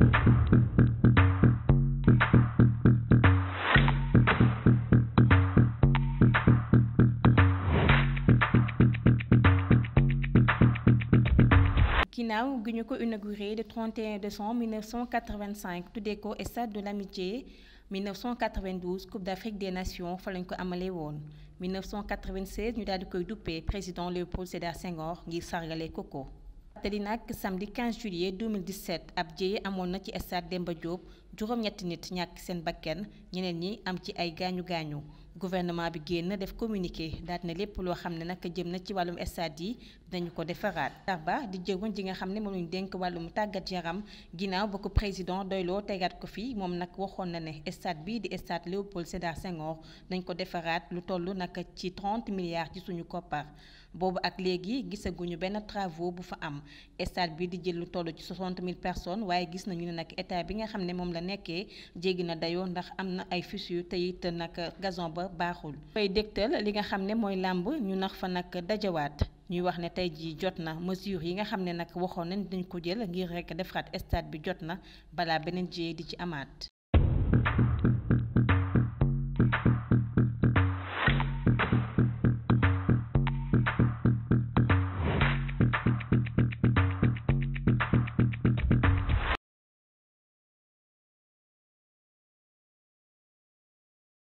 ginnaaw gi ñu ko inauguré le 31 décembre 1985 tuddee ko stade de l'amitié 1992 coupe d'Afrique des nations fa ko amalee woon 1996 ñu daal di koy duppee président Léopold Sédar Senghor ngir sargale koko te di nag samedi 15 juillet 2017 ab jéye amoon na ci stade Demba Diop juróom-ñetti nit ñàkk seen bakken ñeneen ñi am ci ay gaañu gaañu gouvernement bi génn def communiqué daat na lépp loo xam ne nag jëm na ci wàllum stade yi dañu ko defaraat Tarba di jëwriñ ji nga xam ne moom ñu dénk wàllum tàggat yaram ginnaaw ba ko président doyloo tegaat ko fi moom nag waxoon na ne stade bi di stade Léopold Sédar Senghor dañ ko defaraat lu toll nag ci 30 milliards ci suñu koppar boobu ak léegi gisaguñu benn travaux bu fa am stade bi di jël lu tollu ci 60 000 personnes waaye gis nañu ne nag état bi nga xam ne moom la nekkee jéggi na dayoo ndax am na ay fissures te it nag gazon baaxul koy dégtal li nga xam ne mooy làmb ñu nax fa nag dajawaat ñuy wax ne tey jii jot na mesure yi nga xam ne nag waxoon nañ dañ ko jël ngir rekk defaraat stade bi jot na balaa beneen jiyee di ci amaat